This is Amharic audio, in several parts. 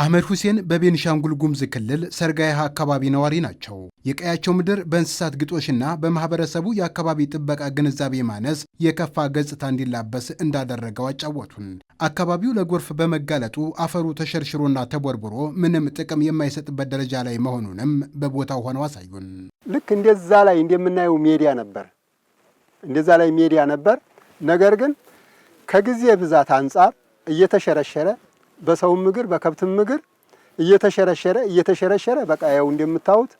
አህመድ ሁሴን በቤንሻንጉል ጉሙዝ ክልል ሰርጋያህ አካባቢ ነዋሪ ናቸው። የቀያቸው ምድር በእንስሳት ግጦሽና በማህበረሰቡ የአካባቢ ጥበቃ ግንዛቤ ማነስ የከፋ ገጽታ እንዲላበስ እንዳደረገው አጫወቱን። አካባቢው ለጎርፍ በመጋለጡ አፈሩ ተሸርሽሮና ተቦርቡሮ ምንም ጥቅም የማይሰጥበት ደረጃ ላይ መሆኑንም በቦታው ሆነው አሳዩን። ልክ እንደዛ ላይ እንደምናየው ሜዲያ ነበር፣ እንደዛ ላይ ሜዲያ ነበር። ነገር ግን ከጊዜ ብዛት አንጻር እየተሸረሸረ በሰውም እግር በከብትም እግር እየተሸረሸረ እየተሸረሸረ በቃ ያው እንደምታዩት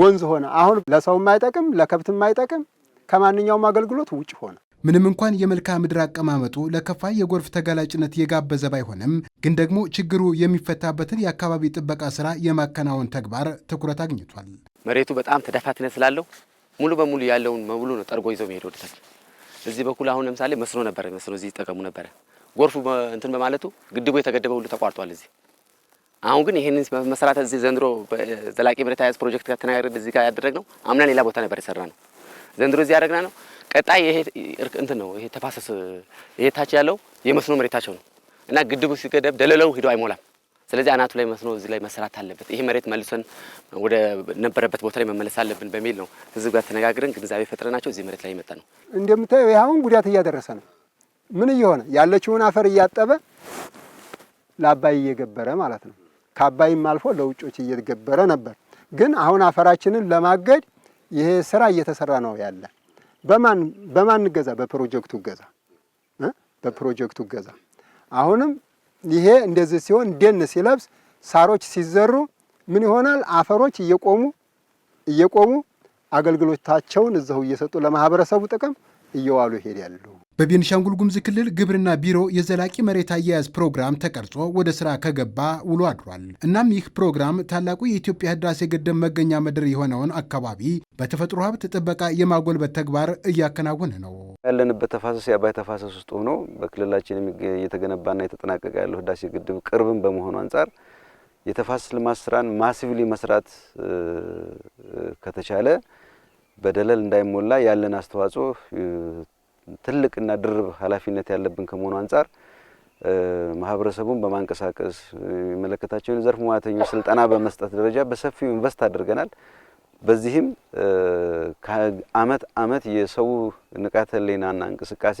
ወንዝ ሆነ። አሁን ለሰውም አይጠቅም ለከብትም አይጠቅም ከማንኛውም አገልግሎት ውጭ ሆነ። ምንም እንኳን የመልክዓ ምድር አቀማመጡ ለከፋ የጎርፍ ተጋላጭነት የጋበዘ ባይሆንም ግን ደግሞ ችግሩ የሚፈታበትን የአካባቢ ጥበቃ ስራ የማከናወን ተግባር ትኩረት አግኝቷል። መሬቱ በጣም ተዳፋትነት ስላለው ሙሉ በሙሉ ያለውን መብሉ ነው ጠርጎ ይዘው መሄድ ወደታች። እዚህ በኩል አሁን ለምሳሌ መስኖ ነበረ፣ መስኖ እዚህ ይጠቀሙ ነበረ ጎርፉ እንትን በማለቱ ግድቡ የተገደበ ሁሉ ተቋርጧል። እዚህ አሁን ግን ይህንን መሰራት እዚህ ዘንድሮ ዘላቂ መሬት አያያዝ ፕሮጀክት ጋር ተናገር እዚህ ጋር ያደረግነው አምና ሌላ ቦታ ነበር የሰራ ነው። ዘንድሮ እዚህ ያደረግና ነው። ቀጣይ ይሄ እንትን ነው። ይሄ ተፋሰስ ይሄ ታች ያለው የመስኖ መሬታቸው ነው እና ግድቡ ሲገደብ ደለለው ሂዶ አይሞላም። ስለዚህ አናቱ ላይ መስኖ እዚህ ላይ መሰራት አለበት። ይሄ መሬት መልሰን ወደ ነበረበት ቦታ ላይ መመለስ አለብን በሚል ነው ህዝብ ጋር ተነጋግረን ግንዛቤ ፈጥረናቸው እዚህ መሬት ላይ የመጣ ነው። እንደምታየው ይህ አሁን ጉዳት እያደረሰ ነው። ምን እየሆነ ያለችውን አፈር እያጠበ ለአባይ እየገበረ ማለት ነው። ከአባይም አልፎ ለውጮች እየገበረ ነበር። ግን አሁን አፈራችንን ለማገድ ይሄ ስራ እየተሰራ ነው ያለ። በማን በማን ገዛ? በፕሮጀክቱ ገዛ፣ በፕሮጀክቱ ገዛ። አሁንም ይሄ እንደዚህ ሲሆን ደን ሲለብስ ሳሮች ሲዘሩ ምን ይሆናል? አፈሮች እየቆሙ እየቆሙ አገልግሎታቸውን እዛው እየሰጡ ለማህበረሰቡ ጥቅም እየዋሉ ይሄዳሉ። በቤንሻንጉል ጉሙዝ ክልል ግብርና ቢሮ የዘላቂ መሬት አያያዝ ፕሮግራም ተቀርጾ ወደ ስራ ከገባ ውሎ አድሯል። እናም ይህ ፕሮግራም ታላቁ የኢትዮጵያ ህዳሴ ግድብ መገኛ ምድር የሆነውን አካባቢ በተፈጥሮ ሀብት ጥበቃ የማጎልበት ተግባር እያከናወነ ነው። ያለንበት ተፋሰስ የአባይ ተፋሰስ ውስጥ ሆኖ በክልላችን እየተገነባና የተጠናቀቀ ያለው ህዳሴ ግድብ ቅርብም በመሆኑ አንጻር የተፋሰስ ልማት ስራን ማሲቪሊ መስራት ከተቻለ በደለል እንዳይሞላ ያለን አስተዋጽኦ ትልቅና ድርብ ኃላፊነት ያለብን ከመሆኑ አንጻር ማህበረሰቡን በማንቀሳቀስ የሚመለከታቸውን ዘርፍ ሙያተኞች ስልጠና በመስጠት ደረጃ በሰፊው ኢንቨስት አድርገናል። በዚህም ከአመት አመት የሰው ንቃተ ህሊናና እንቅስቃሴ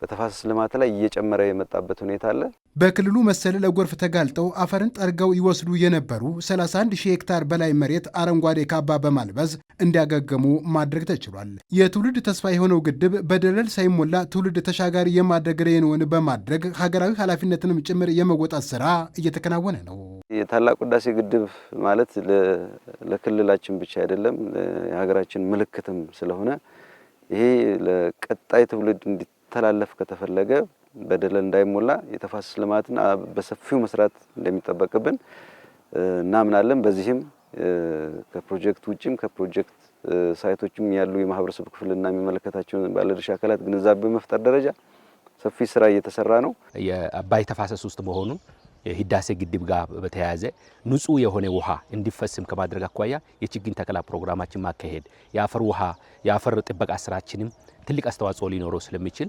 በተፋሰስ ልማት ላይ እየጨመረ የመጣበት ሁኔታ አለ። በክልሉ መሰል ለጎርፍ ተጋልጠው አፈርን ጠርገው ይወስዱ የነበሩ 31 ሺህ ሄክታር በላይ መሬት አረንጓዴ ካባ በማልበዝ እንዲያገገሙ ማድረግ ተችሏል። የትውልድ ተስፋ የሆነው ግድብ በደለል ሳይሞላ ትውልድ ተሻጋሪ የማድረግ ሬንውን በማድረግ ሀገራዊ ኃላፊነትንም ጭምር የመወጣት ስራ እየተከናወነ ነው። የታላቁ ህዳሴ ግድብ ማለት ለክልላችን ብቻ አይደለም፣ የሀገራችን ምልክትም ስለሆነ ይሄ ለቀጣይ ትውልድ እንዲተላለፍ ከተፈለገ በደለል እንዳይሞላ የተፋሰስ ልማትን በሰፊው መስራት እንደሚጠበቅብን እናምናለን። በዚህም ከፕሮጀክት ውጭም ከፕሮጀክት ሳይቶችም ያሉ የማህበረሰብ ክፍልና የሚመለከታቸውን ባለድርሻ አካላት ግንዛቤ መፍጠር ደረጃ ሰፊ ስራ እየተሰራ ነው። የአባይ ተፋሰስ ውስጥ መሆኑ ህዳሴ ግድብ ጋር በተያያዘ ንጹህ የሆነ ውሃ እንዲፈስም ከማድረግ አኳያ የችግኝ ተከላ ፕሮግራማችን ማካሄድ የአፈር ውሃ የአፈር ጥበቃ ስራችንም ትልቅ አስተዋጽኦ ሊኖረው ስለሚችል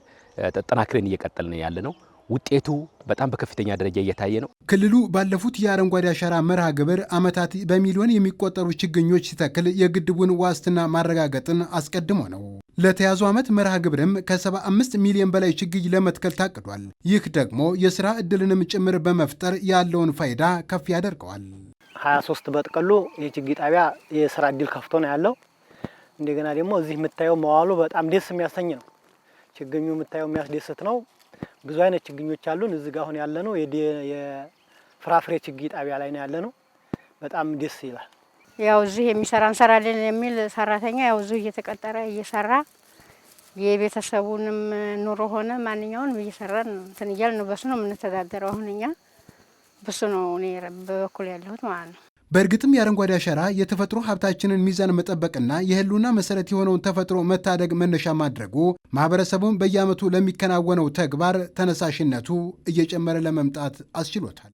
ተጠናክረን እየቀጠልን ያለ ነው። ውጤቱ በጣም በከፍተኛ ደረጃ እየታየ ነው። ክልሉ ባለፉት የአረንጓዴ አሻራ መርሃ ግብር ዓመታት በሚሊዮን የሚቆጠሩ ችግኞች ሲተክል የግድቡን ዋስትና ማረጋገጥን አስቀድሞ ነው። ለተያዙ ዓመት መርሃ ግብርም ከ75 ሚሊዮን በላይ ችግኝ ለመትከል ታቅዷል። ይህ ደግሞ የሥራ ዕድልንም ጭምር በመፍጠር ያለውን ፋይዳ ከፍ ያደርገዋል። 23 በጥቅሉ የችግኝ ጣቢያ የሥራ እድል ከፍቶ ነው ያለው። እንደገና ደግሞ እዚህ የምታየው መዋሉ በጣም ደስ የሚያሰኝ ነው። ችግኙ የምታየው የሚያስደስት ነው። ብዙ አይነት ችግኞች አሉን። እዚህ ጋር አሁን ነው የፍራፍሬ ችግኝ ጣቢያ ላይ ነው ነው። በጣም ደስ ይላል። ያው እዚህ የሚሰራ እንሰራለን የሚል ሰራተኛ ያው እዚሁ እየተቀጠረ እየሰራ የቤተሰቡንም ኑሮ ሆነ ማንኛውንም እየሰራን እንትን እያልን ነው። በሱ ነው የምንተዳደረው። አሁን እኛ በሱ ነው እኔ በበኩል ያለሁት ማለት ነው። በእርግጥም የአረንጓዴ አሻራ የተፈጥሮ ሀብታችንን ሚዛን መጠበቅና የህልውና መሰረት የሆነውን ተፈጥሮ መታደግ መነሻ ማድረጉ ማህበረሰቡን በየዓመቱ ለሚከናወነው ተግባር ተነሳሽነቱ እየጨመረ ለመምጣት አስችሎታል።